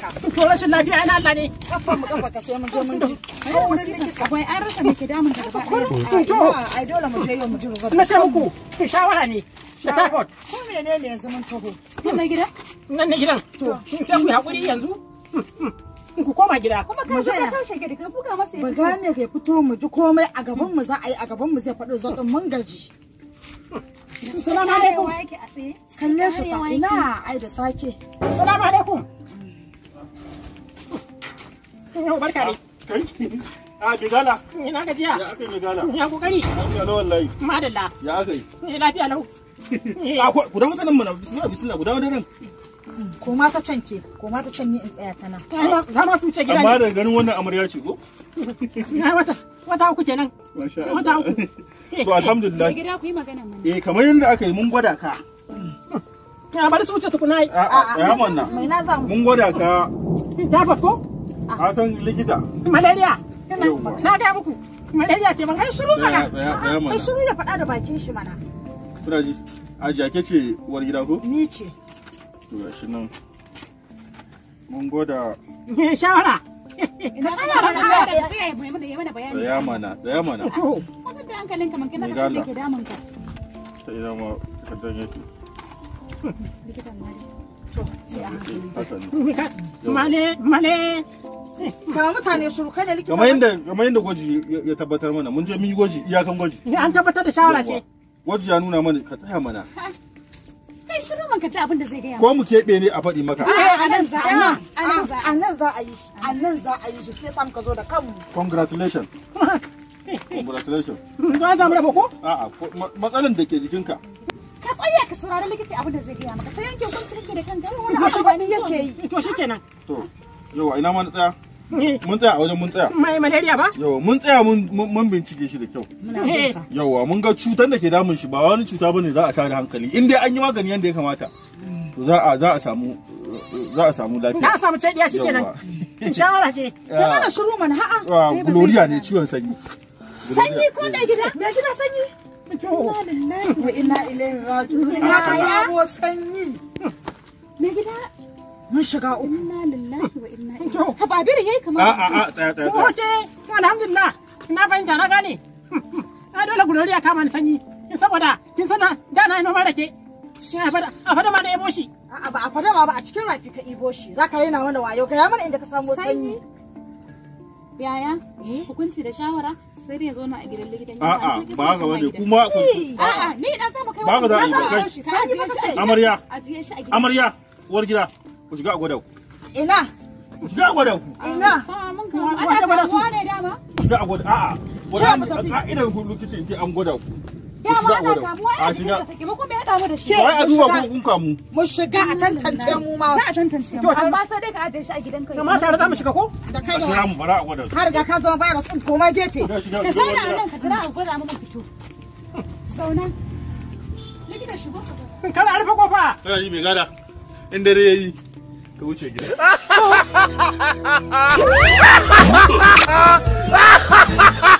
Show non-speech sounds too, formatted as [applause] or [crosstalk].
kafarka. rashin lafiya Allah ne. Kafar mu sai mun je mun ji. wurin likita. Akwai an rasa ke damun ka To ai dole mu je mu ji rubutu. Na sai muku shawara ne. Da Ko menene yanzu mun taho? na gida? Nan gidan. To sai ku hakuri yanzu. Hmm, hmm. ku koma gida. Kuma ka zo ka taushe ka buga masa fito mu ji komai a gaban mu za a yi a gaban mu zai faɗo mun gaji. Salamu alaikum. Kalle shi fa ina ai da sake. Salamu alaikum. Nuhu barka [laughs] ah, gajiya. Ya aka Ya kokari. Ya lawan layi. Ya aka yi. Ni lafiya lau. Eh, [laughs] ah, ku nan mana bismillah bismillah nan. Ko ma ta can ke, ko ma ta can ni in tsaya ta ma su ce gidan. Amma ganin wannan amarya ce ko? Na wata wata uku kenan. Masha Allah. Wata uku. [laughs] To alhamdulillah. Gida ku yi magana Eh kamar yadda aka yi mun gwada ka. Ya bari su wuce tukuna. A'a, ah, ya mun na. Mun gwada ka. Dafa ko? ka san likita malaria na ga muku malaria ce mana ai shiru mana ai shiru ya faɗa da bakin shi mana kuna ji a jake ce uwar gida ko ni ce to nan mun goda me shawara ka tsaya mana da ya mana bayani mana mana to kuma da maka ke damun ka ta ina ma kaddan to sai a hankali Ba mutane shuru kai da likita. Kamar yadda kamar yadda gwaji ya tabbatar mana mun je mun yi gwaji iyakan gwaji. Ni an tabbatar da shawara ce. Gwaji ya nuna mana ka tsaya mana. Kai shiru man ka ji abin da zai gaya. Ko mu keɓe ne a faɗi maka. A nan za a yi shi a nan za a yi shi sai sam ka zo da kanmu. Congratulations. [laughs] Congratulations. Ba za mu raba ko? A'a matsalan da ke jikinka. ka tsaya ka saurari likita abin da zai gaya maka sai yanke hukunci kake da kanka wani abu ba ni yake yi to shikenan to yawa ina ma na tsaya [laughs] mun tsaya a wajen mun tsaya mai malaria ba yawa mun tsaya mun bincike shi da kyau eh. yawa mun ga cutar da ke damun shi ba wani cuta bane za a kare hankali in dai an yi magani yadda ya kamata to za a samu za a samu lafiya za a samu cediya shi kenan [laughs] shawara ce ya [laughs] mana shiru mana ha'a gloria ne ciwon sanyi sanyi ko mai gida mai gida sanyi to inna lillahi ina ka sanyi mun shiga uku inna lillahi wa inna ilaihi yayi kamar a tsaya tsaya ko ce alhamdulillah fahimta na gane [laughs] ai dole kama ni sanyi saboda kin sana da na noma a fada ma shi ba a fada ma ba a cikin rafi ka ibo shi wayo mana inda ka samu sanyi yaya eh? hukunci da shawara sai ya zauna a gidan likitan ya a a ba kuma a a ni dan ba kai ba ga da amarya amarya uwar gida ku shiga a gwada ina ku shiga a gwada ku ina ah, mun kawo ana gwada su ne dama shiga a gwada a'a gwada a idan ku lokaci sai an gwada ku dama ana kamuwa a shiga ba kuma ya kamu da shi wai a duba mu shiga a tantance mu ma za a tantance mu amma sai dai ka ajiye shi a gidan kai kamar tare za mu shiga ko da kai da jira mu bara a gwada ka riga ka zama bayar tsin koma gefe ka zauna a nan ka jira a gwada mu fito zauna likita shigo ka kana rufe kofa kana yi mai gada in dare yayi Ты лучше гиляешь. [laughs]